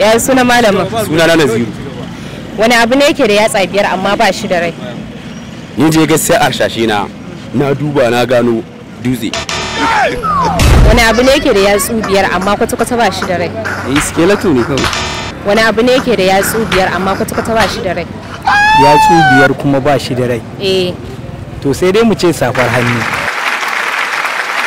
ya suna malama. suna na naziru wani abu ne yake da yatsa biyar amma ba shi da rai ni je gaskiya arshashe na na duba na gano dutse wani abu ne yake da yatsu biyar amma kwata-kwata ba shi da rai eh skeleto ne kawai wani abu ne yake da yatsu biyar amma kwata-kwata ba shi da rai yatsu biyar kuma ba shi da rai eh to sai dai mu ce safar hannu